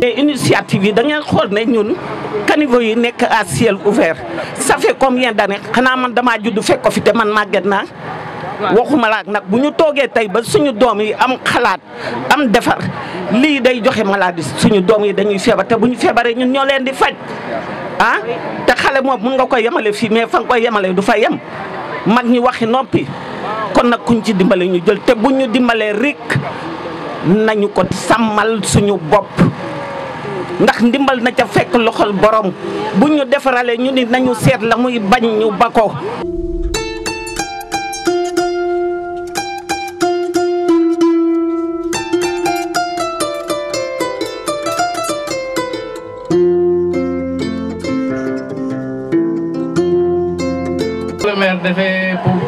les initiatives yi da ngeen xool ne ñun caniveau yi nekk à ciel ouvert ça fait combien d'années xanaa man damaa judd fekk ko fi te man màgget naa. waxuma laak nag bu ñu toogee tey ba suñu doom yi am xalaat am defar lii day joxe maladie suñu doom yi dañuy feebar te bu ñu feebaree ñun ñoo leen di faj ah te xale moom mun nga koy yemale fii mais fa nga koy yemale du fa yem mag ñi waxi noppi kon nag kuñ ci dimbale ñu jël te bu ñu dimbalee rek nañu ko sàmmal suñu bopp ndax ndimbal na ca fekk loxol borom bu ñu ñu ni nañu sét la muy bañ ñu bako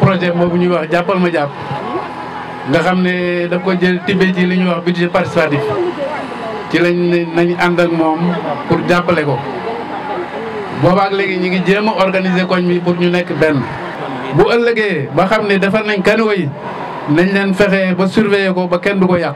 projet wax ma nga ne da ko jël ji li wax budget participatif ci lañ ne nañ ànd ak moom pour jàppale ko boobaak léegi ñu ngi jéem a organiser koñ bi pour ñu nekk benn. bu ëllëgee ba xam ne defar nañ kaniwa yi nañ leen fexe ba surveiller ko ba kenn du ko yàq.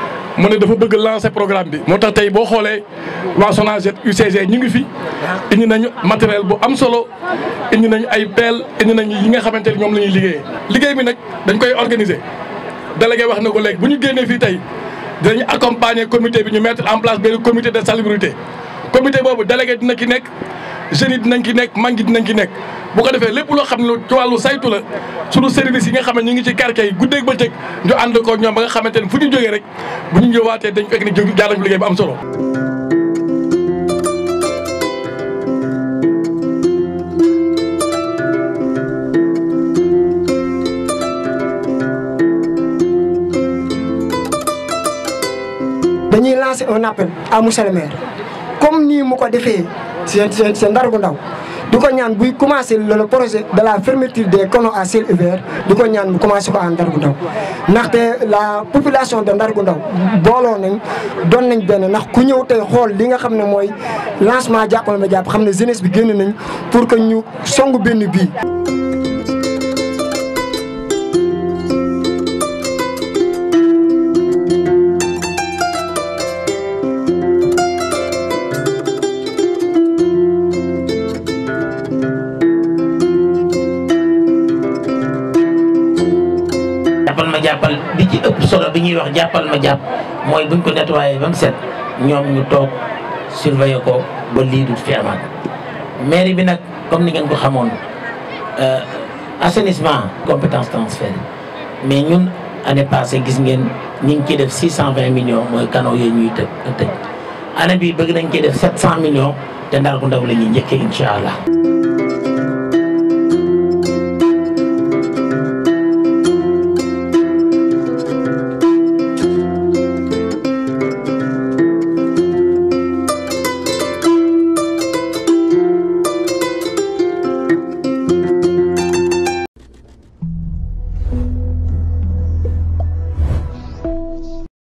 mu ne dafa bëgg lancer programme bi moo tax tey boo xoolee waa SONAGED UCG ñu ngi fi indi nañu matériel boo am solo indi nañu ay peel indi nañu yi nga xamante ni ñoom la ñuy liggéeyee. liggéey bi nag dañ koy organiser délégué wax na ko léegi bu ñu génnee fii tey dinañu accompagner comité bi ñu mettre en place benn comité de salubrité comité boobu délégué dina ki nekk. jeunes yi dinañ ci nekk mag yi dinañ ci nekk bu ko defee lépp loo xam ne ci wàllu saytu la suñu service yi nga xam ne ñu ngi ci quartier yi guddeeg bëccëg ñu ànd ko ñoom ba nga xamante ne fu ñu jógee rek bu ñu ñëwaatee dañ fekk ni jóg jaar nañu liggéey bu am solo dañuy lancer un appel à monsieur le nii mu ko defee seen seen seen ndar gu ndaw di ko ñaan buy commencé le projet de la fermeture des canaux à ciel ouvert di ko ñaan mu commencé ko à Ndargu Ndaw ndaxte la population de Ndargu Ndaw booloo nañ doon nañ benn ndax ku ñëw tey xool li nga xam ne mooy lancement Jàppal ma jàpp xam ne jeunesse bi génn nañ pour que ñu song benn bii jàppal bi ci ëpp solo bi ñuy wax jàppal ma jàpp mooy buñ ko nettoyé ba mu set ñoom ñu toog surveiller ko ba lii du fi amaat mairie bi nag comme ni ngeen ko xamoon euh, assainissement compétence transfert mais ñun année passée gis ngeen ñi ngi ciy def 620 millions mooy canaux yooyu ñu tëj tëj année bi bëgg nañ ciy def cent millions te Ndargou Ndaw la ñu njëkkee incha allah.